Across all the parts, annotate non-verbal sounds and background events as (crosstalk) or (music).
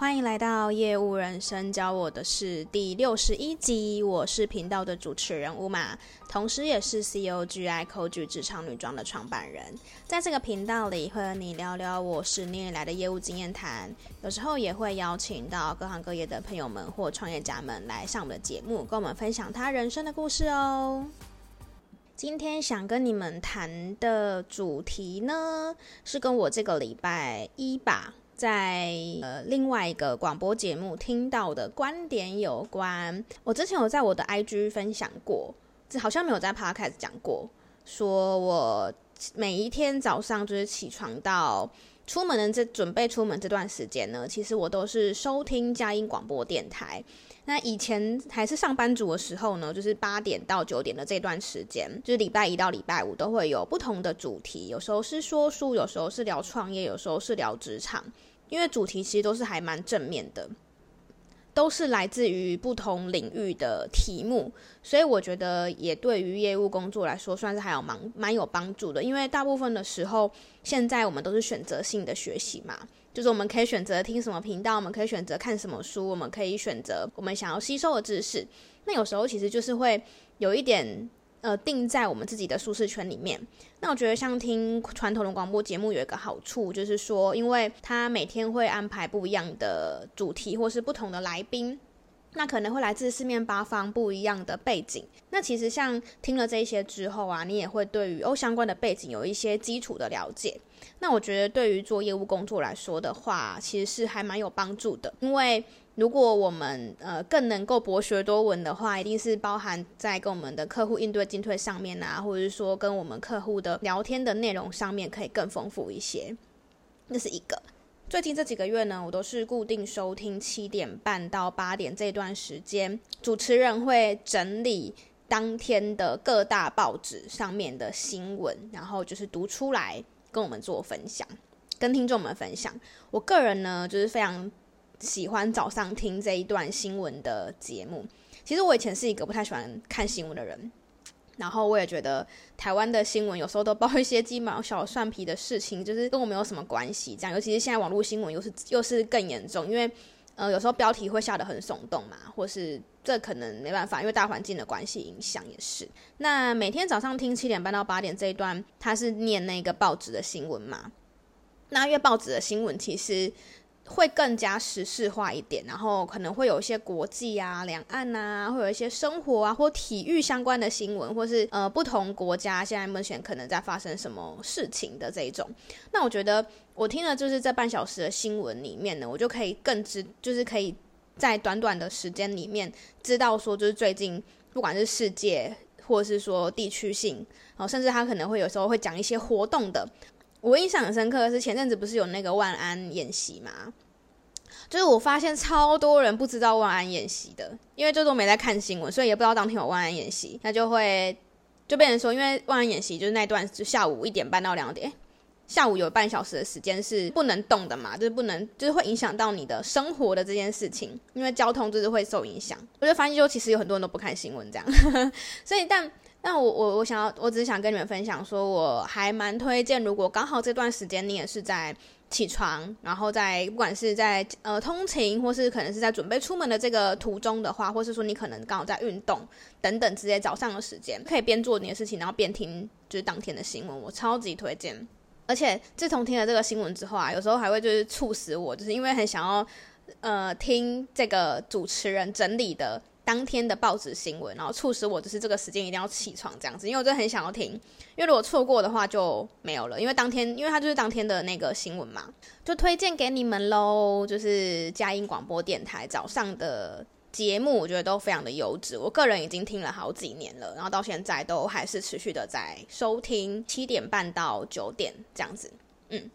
歡迎來到《業務人生》教我的事第六十一集，我是頻道的主持人 Uma，同時也是 COGI VIBE 職場女裝的創辦人。在這個頻道裡，會和你聊聊我十年以來的業務經驗談，有時候也會邀請到各行各業的朋友們或創業家們來上我們的節目，跟我們分享他人生的故事哦。今天想跟你們談的主題呢，是跟我這個禮拜一吧。在呃、另外一個廣播節目聽到的觀點有關。我之前有在我的 IG 分享過，這好像沒有在 Podcast 講過。說我每一天早上就是起床到出門的這準備出門這段時間呢，其實我都是收聽佳音廣播電臺。那以前還是上班族的時候呢，就是八點到九點的這段時間，就是禮拜一到禮拜五都會有不同的主題，有時候是說書，有時候是聊創業，有時候是聊職場，因為主題其實都是還蠻正面的，都是來自於不同領域的題目，所以我覺得也對於業務工作來說，算是還有蠻蠻有幫助的，因為大部分的時候，現在我們都是選擇性的學習嘛。就是我們可以選擇聽什麼頻道，我們可以選擇看什麼書，我們可以選擇我們想要吸收的知識。那有時候其實就是會有一點呃定在我們自己的舒適圈裡面。那我覺得像聽傳統的廣播節目有一個好處，就是說，因為它每天會安排不一樣的主題或是不同的來賓。那可能會來自四面八方不一樣的背景。那其實像聽了這些之後啊，你也會對於哦相關的背景有一些基礎的了解。那我覺得對於做業務工作來說的話，其實是還蠻有幫助的。因為如果我們呃更能夠博學多聞的話，一定是包含在跟我們的客戶應對進退上面啊，或者是說跟我們客戶的聊天的內容上面可以更豐富一些。這是一個。最近這幾個月呢，我都是固定收聽七點半到八點這一段時間，主持人會整理當天的各大報紙上面的新聞，然後就是讀出來跟我們做分享，跟聽眾們分享。我個人呢，就是非常喜歡早上聽這一段新聞的節目。其實我以前是一個不太喜歡看新聞的人。然後我也覺得台灣的新聞有時候都報一些雞毛小蒜皮的事情，就是跟我沒有什麼關係，這樣，尤其是現在網絡新聞又是又是更嚴重，因為呃有時候標題會下得很聳動嘛，或是這可能沒辦法，因為大環境的關係影響也是。那每天早上聽七點半到八點這一段，他是念那個報紙的新聞嘛？那因為報紙的新聞其實，會更加時事化一點，然後可能會有一些國際啊、兩岸啊，會有一些生活啊或體育相關的新聞，或是呃不同國家現在目前可能在發生什麼事情的這一種。那我覺得我聽了就是這半小時的新聞裡面呢，我就可以更知，就是可以在短短的時間裡面知道說就是最近不管是世界或者是說地區性，然後甚至他可能會有時候會講一些活動的。我印象很深刻的是，前陣子不是有那個萬安演習嗎？就是我發現超多人不知道萬安演習的，因為最多沒在看新聞，所以也不知道當天有萬安演習。那就會就變成說，因為萬安演習就是那段，就下午一點半到兩點，欸，下午有半小時的時間是不能動的嘛，就是不能，就是會影響到你的生活的這件事情，因為交通就是會受影響。我覺得反正就發現說，其實有很多人都不看新聞這樣呵呵，所以但。那我我我想要，我只是想跟你們分享說，我還蠻推薦。如果剛好這段時間你也是在起床，然後在不管是在呃通勤，或是可能是在準備出門的這個途中的話，或是說你可能剛好在運動等等，直接早上的時間可以邊做你的事情，然後邊聽就是當天的新聞，我超級推薦。而且自從聽了這個新聞之後啊，有時候還會就是促使我，就是因為很想要呃聽這個主持人整理的當天的報紙新聞，然後促使我就是這個時間一定要起床這樣子，因為我真的很想要聽，因為如果錯過的話就沒有了。因為當天，因為它就是當天的那個新聞嘛，就推薦給你們嘍。就是佳音廣播電台早上的節目，我覺得都非常的優質，我個人已經聽了好幾年了，然後到現在都還是持續的在收聽，七點半到九點這樣子。嗯，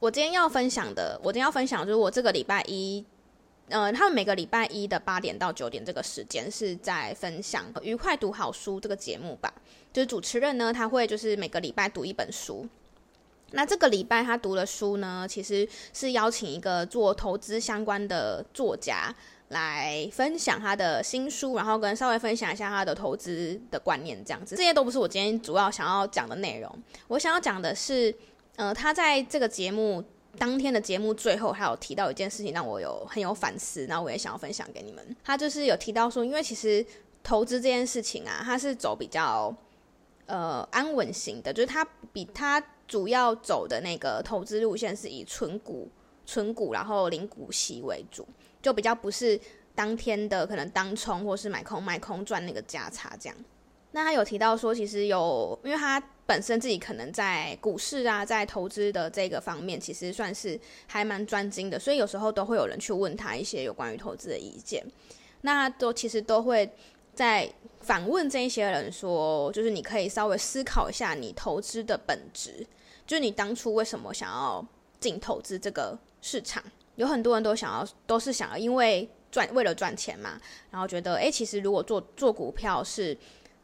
我今天要分享的，我今天要分享的就是我這個禮拜一。呃，他們每個禮拜一的八點到九點這個時間是在分享《愉快讀好書》這個節目吧。就是主持人呢，他會就是每個禮拜讀一本書。那這個禮拜他讀的書呢，其實是邀請一個做投資相關的作家來分享他的新書，然後跟稍微分享一下他的投資的觀念這樣子。這些都不是我今天主要想要講的內容。我想要講的是，呃，他在這個節目。當天的節目最後還有提到一件事情，讓我有很有反思，然後我也想要分享給你們。他就是有提到說，因為其實投資這件事情啊，他是走比較呃安穩型的，就是他比他主要走的那個投資路線是以存股、存股然後零股息為主，就比較不是當天的可能當沖或是買空賣空賺那個價差這樣。那他有提到說，其實有，因為他本身自己可能在股市啊，在投資的這個方面，其實算是還蠻專精的，所以有時候都會有人去問他一些有關於投資的意見。那他都其實都會在反問這一些人說，就是你可以稍微思考一下你投資的本質，就是你當初為什麼想要進投資這個市場？有很多人都想要，都是想要因為賺為了賺錢嘛，然後覺得哎、欸，其實如果做做股票是。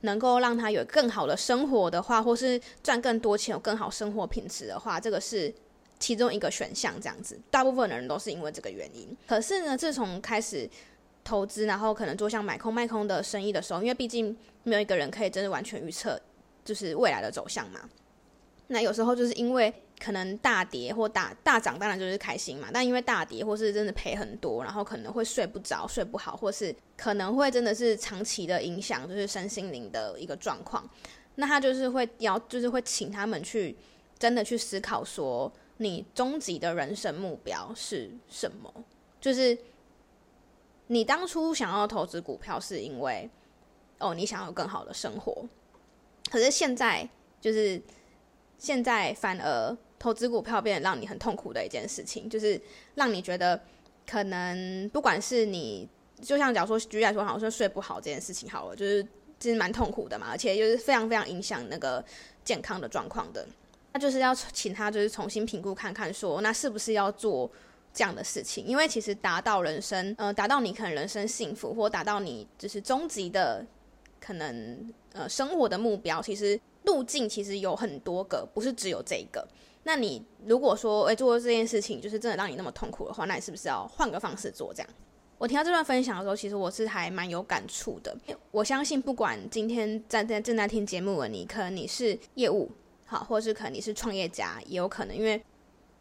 能夠讓他有更好的生活的話，或是賺更多錢、有更好生活品質的話，這個是其中一個選項。這樣子，大部分的人都是因為這個原因。可是呢，自從開始投資，然後可能做像買空賣空的生意的時候，因為畢竟沒有一個人可以真的完全預測，就是未來的走向嘛。那有時候就是因為。可能大跌或大大漲，當然就是開心嘛。但因為大跌或是真的賠很多，然後可能會睡不着、睡不好，或是可能會真的是長期的影響，就是身心靈的一個狀況。那他就是會要，就是會請他們去真的去思考，說你終極的人生目標是什麼？就是你當初想要投資股票是因為哦，你想要更好的生活。可是現在就是現在反而。投資股票變讓你很痛苦的一件事情，就是讓你覺得可能不管是你，就像假如說舉例來說，好像睡不好這件事情，好了，就是其實蠻痛苦的嘛，而且就是非常非常影響那個健康的狀況的。那就是要請他就是重新評估看看說，說那是不是要做這樣的事情？因為其實達到人生，呃，達到你可能人生幸福，或達到你就是終極的可能呃生活的目標，其實路徑其實有很多個，不是只有這一個。那你如果說，哎、欸，做這件事情就是真的讓你那麼痛苦的話，那你是不是要換個方式做？這樣，我聽到這段分享的時候，其實我是還蠻有感觸的。我相信，不管今天在在正在聽節目的你，可能你是業務好，或者是可能你是創業家，也有可能，因為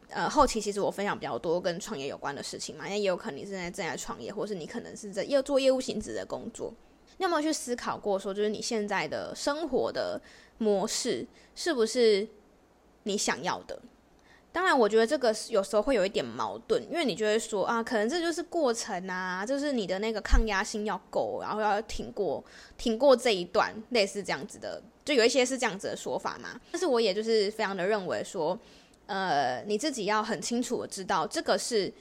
呃，後期其實我分享比較多跟創業有關的事情嘛，也有可能你現在正在創業，或是你可能是在要做業務性質的工作，你有沒有去思考過說，說就是你現在的生活的模式是不是？你想要的，當然，我覺得這個有時候會有一點矛盾，因為你就會說啊，可能這就是過程啊，就是你的那個抗壓性要夠，然後要挺過挺過這一段，類似這樣子的，就有一些是這樣子的說法嘛。但是我也就是非常的認為說，呃，你自己要很清楚的知道這個是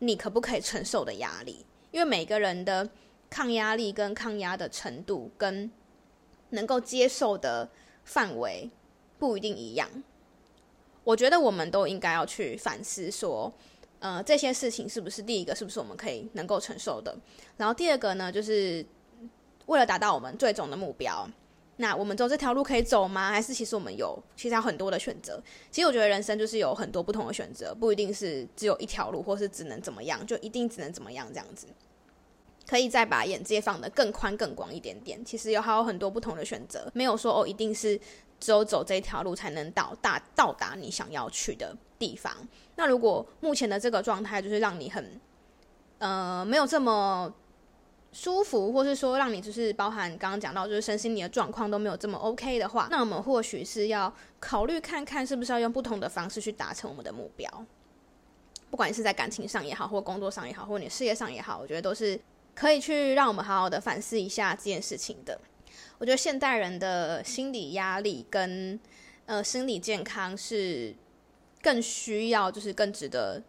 你可不可以承受的壓力，因為每個人的抗壓力跟抗壓的程度跟能夠接受的範圍不一定一樣。我覺得我們都應該要去反思，說，呃，這些事情是不是第一個，是不是我們可以能夠承受的？然後第二個呢，就是為了達到我們最終的目標，那我們走這條路可以走嗎？還是其實我們有其他很多的選擇？其實我覺得人生就是有很多不同的選擇，不一定是只有一條路，或是只能怎麼樣，就一定只能怎麼樣這樣子。可以再把眼界放得更寬更廣一點點。其實有還有很多不同的選擇，沒有說哦，一定是只有走這條路才能到達到達你想要去的地方。那如果目前的這個狀態就是讓你很呃沒有這麼舒服，或是說讓你就是包含剛剛講到就是身心靈的狀況都沒有這麼 OK 的話，那我們或許是要考慮看看是不是要用不同的方式去達成我們的目標。不管你是在感情上也好，或工作上也好，或你事業上也好，我覺得都是。可以去讓我們好好的反思一下這件事情的。我覺得現代人的心理壓力跟呃心理健康是更需要，就是更值得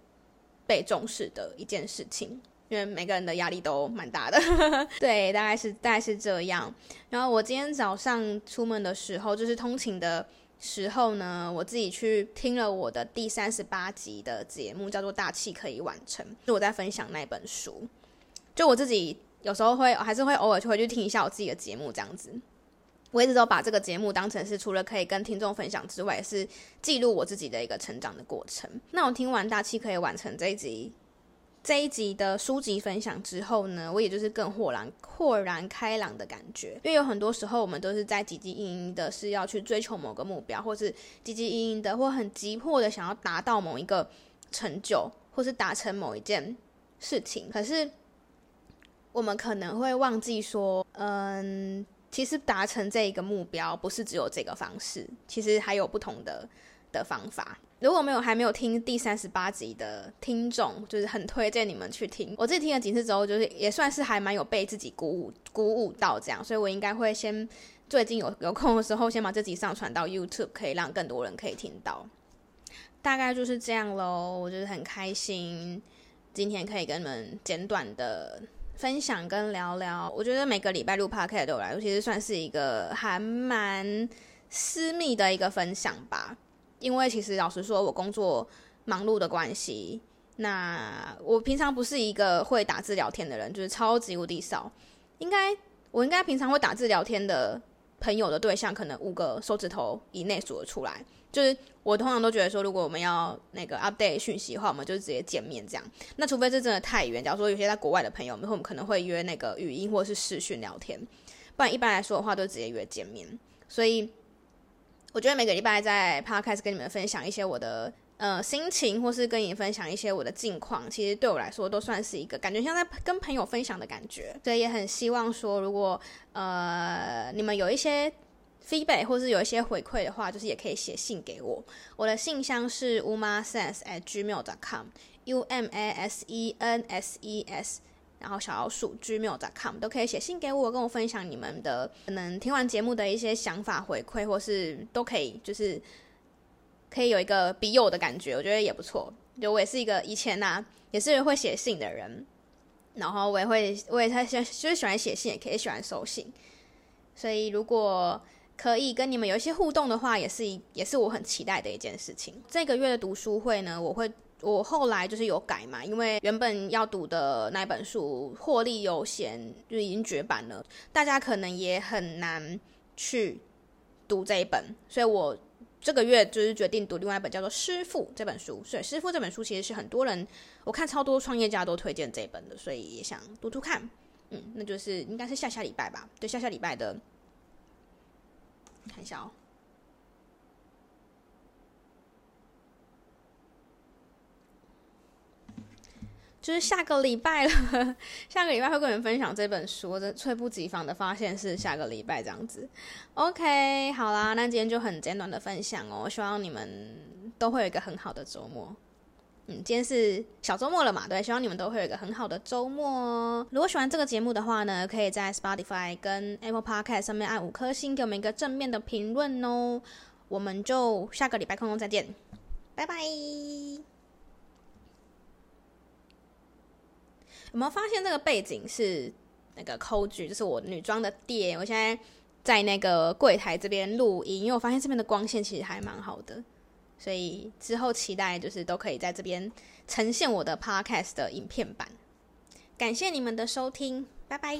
被重視的一件事情，因為每個人的壓力都蠻大的。 (laughs) 對，大概是大概是這樣。然後我今天早上出門的時候，就是通勤的時候呢，我自己去聽了我的第三十八集的節目，叫做《大器可以晚成》，是我在分享那本書。就我自己有時候會還是會偶爾就會去聽一下我自己的節目，這樣子，我一直都把這個節目當成是除了可以跟聽眾分享之外，是記錄我自己的一個成長的過程。那我聽完《大器可以晚成》這一集這一集的書籍分享之後呢，我也就是更豁然豁然開朗的感覺，因為有很多時候我們都是在汲汲營營的，是要去追求某個目標，或是汲汲營營的，或很急迫的想要達到某一個成就，或是達成某一件事情，可是。我們可能會忘記說，嗯，其實達成這一個目標不是只有這個方式，其實還有不同的的方法。如果沒有還沒有聽第三十八集的聽眾，就是很推薦你們去聽。我自己聽了幾次之後，就是也算是還蠻有被自己鼓舞鼓舞到這樣，所以我應該會先最近有有空的時候，先把這集上傳到 YouTube，可以讓更多人可以聽到。大概就是這樣嘍，我就是很開心今天可以跟你們簡短的。分享跟聊聊，我覺得每個禮拜錄 podcast 都有來其實算是一個還蠻私密的一個分享吧。因為其實老實說，我工作忙碌的關係，那我平常不是一個會打字聊天的人，就是超級無敵少。應該我應該平常會打字聊天的朋友的對象，可能五個手指頭以內數得出來。就是我通常都覺得說，如果我們要那個 update 訊息的話，我們就直接見面這樣。那除非這真的太遠，假如說有些在國外的朋友們，我們可能會約那個語音或者是視訊聊天。不然一般來說的話，都直接約見面。所以我覺得每個禮拜在 podcast 跟你們分享一些我的呃心情，或是跟你分享一些我的近況，其實對我來說都算是一個感覺像在跟朋友分享的感覺。所以也很希望說，如果呃你們有一些。feedback 或者是有一些回饋的話，就是也可以寫信給我。我的信箱是 umasenses at gmail dot com，u m a s e n s e s，然後小老鼠 gmail dot com 都可以寫信給我，跟我分享你們的可能聽完節目的一些想法、回饋，或是都可以，就是可以有一個筆友的感覺，我覺得也不錯。就我也是一個以前吶、啊，也是會寫信的人，然後我也會，我也太喜就是喜歡寫信，也可以喜歡收信，所以如果。可以跟你們有一些互動的話，也是也是我很期待的一件事情。這個月的讀書會呢，我會我後來就是有改嘛，因為原本要讀的那一本書《獲利有限》，就已經絕版了，大家可能也很難去讀這一本，所以我這個月就是決定讀另外一本叫做《師傅》這本書。所以《師傅》這本書其實是很多人我看超多創業家都推薦這一本的，所以也想讀讀看。嗯，那就是應該是下下禮拜吧，對，下下禮拜的。看一下哦、喔，就是下個禮拜了，呵呵，下個禮拜會跟你們分享這本書。我這猝不及防的發現是下個禮拜這樣子。OK，好啦，那今天就很簡短的分享哦、喔，我希望你們都會有一個很好的周末。嗯，今天是小周末了嘛，對，希望你們都會有一個很好的周末哦。如果喜歡這個節目的話呢，可以在 Spotify 跟 Apple Podcast 上面按五顆星，給我們一個正面的評論哦。我們就下個禮拜空中再見，拜拜。 (noise) 有沒有發現這個背景是那個 Cogivibe 就是我女裝的店，我現在在那個櫃台這邊錄音，因為我發現這邊的光線其實還蠻好的。所以之後期待就是都可以在這邊呈現我的 Podcast 的影片版。感謝你們的收聽，拜拜。